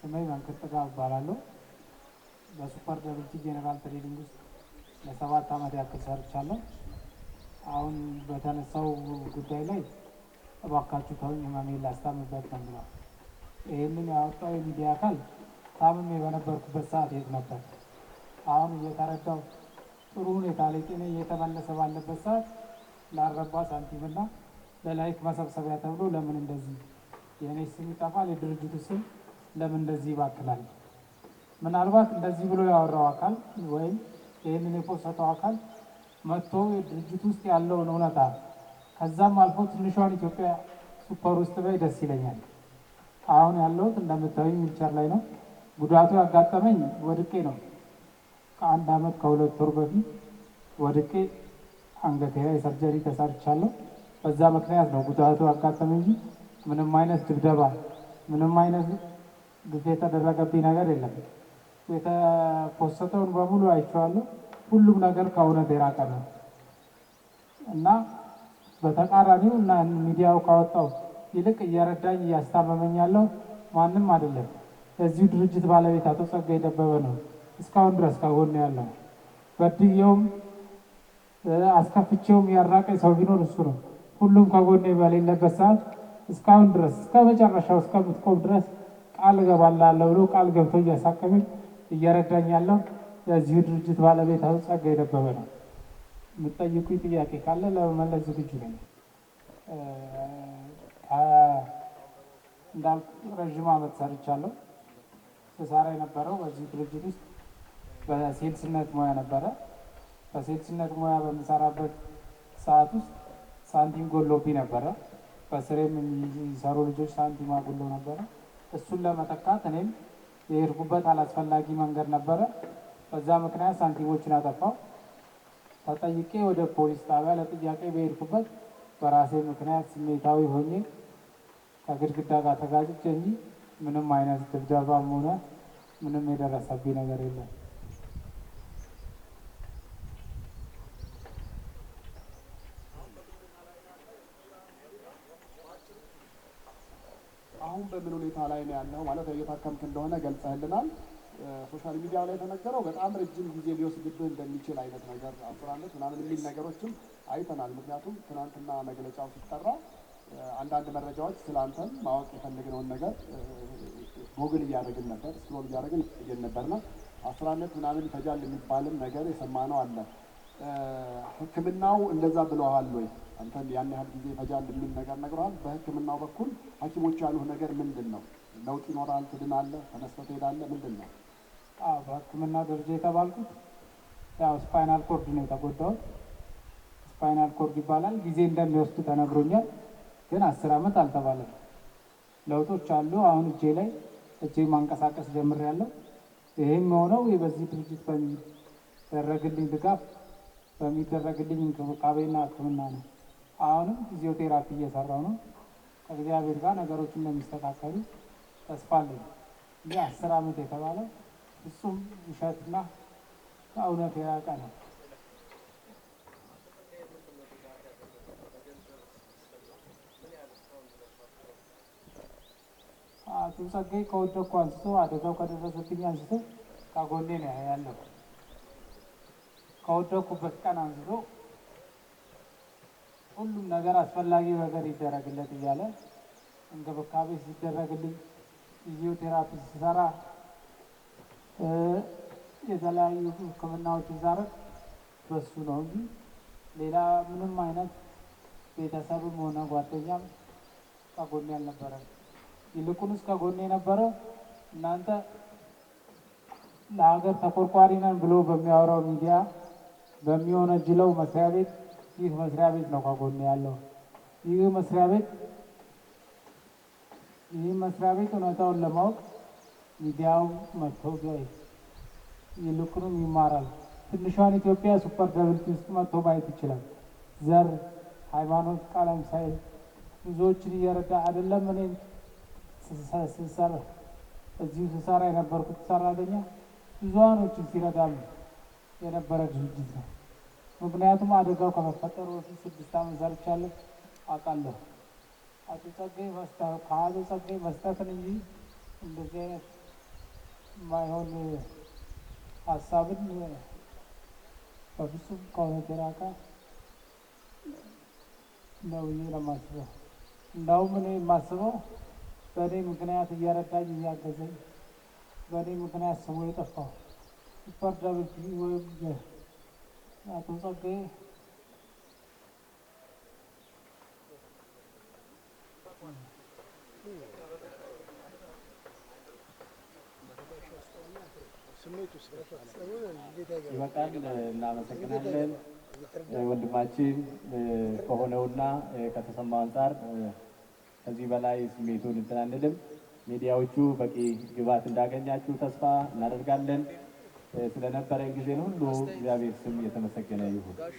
ስሜ መንክር ጥጋ እባላለሁ። በሱፐር ደብልቲ ጄኔራል ትሬዲንግ ውስጥ ለሰባት ዓመት ያክል ሰርቻለሁ። አሁን በተነሳው ጉዳይ ላይ እባካችሁ ተውኝ ህመሜን ላስታምበት ነው ብሏል። ይህንን ያወጣው የሚዲያ አካል ታምሜ በነበርኩበት ሰዓት የት ነበር? አሁን እየተረዳው ጥሩ ሁኔታ ላይ ጤና እየተመለሰ ባለበት ሰዓት ለአረባ ሳንቲምና ለላይክ መሰብሰቢያ ተብሎ ለምን እንደዚህ የእኔ ስም ይጠፋል፣ የድርጅቱ ስም ለምን እንደዚህ ይባክላል? ምናልባት እንደዚህ ብሎ ያወራው አካል ወይም ይህንን የፖሰተው አካል መጥቶ የድርጅት ውስጥ ያለውን እውነታ ከዛም አልፎ ትንሿን ኢትዮጵያ ሱፐር ውስጥ ላይ ደስ ይለኛል። አሁን ያለሁት እንደምታዩኝ ዊልቸር ላይ ነው። ጉዳቱ ያጋጠመኝ ወድቄ ነው። ከአንድ አመት ከሁለት ወር በፊት ወድቄ አንገቴ ላይ ሰርጀሪ ተሰርቻለሁ። በዛ ምክንያት ነው ጉዳቱ ያጋጠመኝ። ምንም አይነት ድብደባ፣ ምንም አይነት ግፍ የተደረገብኝ ነገር የለም። የተፖሰተውን በሙሉ አይቼዋለሁ። ሁሉም ነገር ከእውነት የራቀ ነው እና በተቃራኒው እና ሚዲያው ካወጣው ይልቅ እየረዳኝ እያስታመመኝ ያለው ማንም አይደለም፣ የዚሁ ድርጅት ባለቤት አቶ ጸጋዬ ደበበ ነው። እስካሁን ድረስ ከጎን ያለው በድየውም አስከፍቼውም ያራቀኝ ሰው ቢኖር እሱ ነው። ሁሉም ከጎኔ በሌለበት ሰዓት እስካሁን ድረስ እስከ መጨረሻው እስከምትቆም ድረስ ቃል እገባልሃለሁ ብሎ ቃል ገብቶ እያሳከመኝ እየረዳኝ ያለው የዚሁ ድርጅት ባለቤት አቶ ጸጋ የደበበ ነው። የምትጠይቁኝ ጥያቄ ካለ ለመመለስ ዝግጁ ነኝ። እንዳልኩ ረዥም ዓመት ሰርቻለሁ። ስሰራ የነበረው በዚህ ድርጅት ውስጥ በሴልስነት ሙያ ነበረ። በሴልስነት ሙያ በምሰራበት ሰዓት ውስጥ ሳንቲም ጎሎብኝ ነበረ። በስሬም የሚሰሩ ልጆች ሳንቲም አጉሎ ነበረ። እሱን ለመተካት እኔም የሄድኩበት አላስፈላጊ መንገድ ነበረ። በዛ ምክንያት ሳንቲሞችን አጠፋው። ተጠይቄ ወደ ፖሊስ ጣቢያ ለጥያቄ በሄድኩበት በራሴ ምክንያት ስሜታዊ ሆኜ ከግድግዳ ጋር ተጋጭቼ እንጂ ምንም አይነት ድብደባም ሆነ ምንም የደረሰብኝ ነገር የለም። አሁን በምን ሁኔታ ላይ ነው ያለው ማለት እየታከምክ እንደሆነ ገልጸህልናል። ሶሻል ሚዲያ ላይ የተነገረው በጣም ረጅም ጊዜ ሊወስድብህ እንደሚችል አይነት ነገር አስራለች ምናምን የሚል ነገሮችም አይተናል። ምክንያቱም ትናንትና መግለጫው ሲጠራ አንዳንድ መረጃዎች ስለአንተም ማወቅ የፈለግነውን ነገር ጎግል እያደረግን ነበር፣ ስክሮል እያደረግን ነበር አስራ አስራነት ምናምን ይፈጃል የሚባልም ነገር የሰማነው አለ። ህክምናው እንደዛ ብለዋል ወይ? አንተ ያን ያህል ጊዜ ይፈጃል የሚል ነገር ነግረዋል። በህክምናው በኩል ሐኪሞች ያሉህ ነገር ምንድን ነው? ለውጥ ይኖራል፣ ትድናለህ፣ ተነስተህ ትሄዳለህ፣ ምንድን ነው? አዎ በሕክምና ደረጃ የተባልኩት ያው ስፓይናል ኮርድ ነው የተጎዳሁት። ስፓይናል ኮርድ ይባላል። ጊዜ እንደሚወስድ ተነግሮኛል፣ ግን አስር አመት አልተባለም። ለውጦች አሉ። አሁን እጄ ላይ እጄ ማንቀሳቀስ ጀምሬያለሁ። ይህም የሆነው በዚህ ድርጅት በሚደረግልኝ ድጋፍ በሚደረግልኝ እንክብካቤና ሕክምና ነው። አሁንም ፊዚዮቴራፒ እየሰራው ነው። ከእግዚአብሔር ጋር ነገሮች እንደሚስተካከሉ ተስፋ አለኝ። ይህ አስር ዓመት የተባለ እሱም ውሸትና ከእውነት የራቀ ነው። አቶ ጸጋዬ ከወደኩ አንስቶ አደጋው ከደረሰብኝ አንስቶ ከጎኔ ነው ያለው። ከወደኩበት ቀን አንስቶ ሁሉም ነገር አስፈላጊ ነገር ይደረግለት እያለ እንክብካቤ ሲደረግልኝ ፊዚዮቴራፒ ሲሰራ የተለያዩ ሕክምናዎች ይዛረግ በሱ ነው እንጂ ሌላ ምንም አይነት ቤተሰብም ሆነ ጓደኛም ከጎኔ አልነበረም። ይልቁንስ ከጎኔ የነበረ እናንተ ለሀገር ተቆርቋሪ ነን ብሎ በሚያወራው ሚዲያ በሚወነጅለው መስሪያ ቤት ይህ መስሪያ ቤት ነው ከጎን ያለው። ይህ መስሪያ ቤት ይህ መስሪያ ቤት እውነታውን ለማወቅ ሚዲያው መጥተው ይልቁንም ይማራል። ትንሿን ኢትዮጵያ ሱፐር ደብልቲ ውስጥ መጥቶ ማየት ይችላል። ዘር፣ ሃይማኖት፣ ቀለም ሳይል ብዙዎችን እየረዳ አይደለም። እኔም ስሰራ እዚሁ ስሰራ የነበርኩት ሰራተኛ ብዙሀኖችን ሲረዳ ነው። የነበረ ድርጅት ነው። ምክንያቱም አደጋው ከመፈጠሩ በፊት ስድስት ዓመት ሰርቻለሁ አውቃለሁ። አቶ ጸጋዬ በስታ ከአቶ ጸጋዬ በስተትን እንጂ እንደዚህ አይነት የማይሆን ሀሳብን በፍጹም ከእውነት የራቀ ነው ብዬ ለማስበው እንደውም እኔ የማስበው በእኔ ምክንያት እየረዳኝ እያገዘኝ በእኔ ምክንያት ስሙ የጠፋው ስፖርት ይበቃል። እናመሰግናለን። ወንድማችን ከሆነውና ከተሰማው አንጻር ከዚህ በላይ ስሜቱን እንትን አንልም። ሚዲያዎቹ በቂ ግባት እንዳገኛችሁ ተስፋ እናደርጋለን። ስለነበረ ጊዜን ሁሉ እግዚአብሔር ስም እየተመሰገነ ይሁን።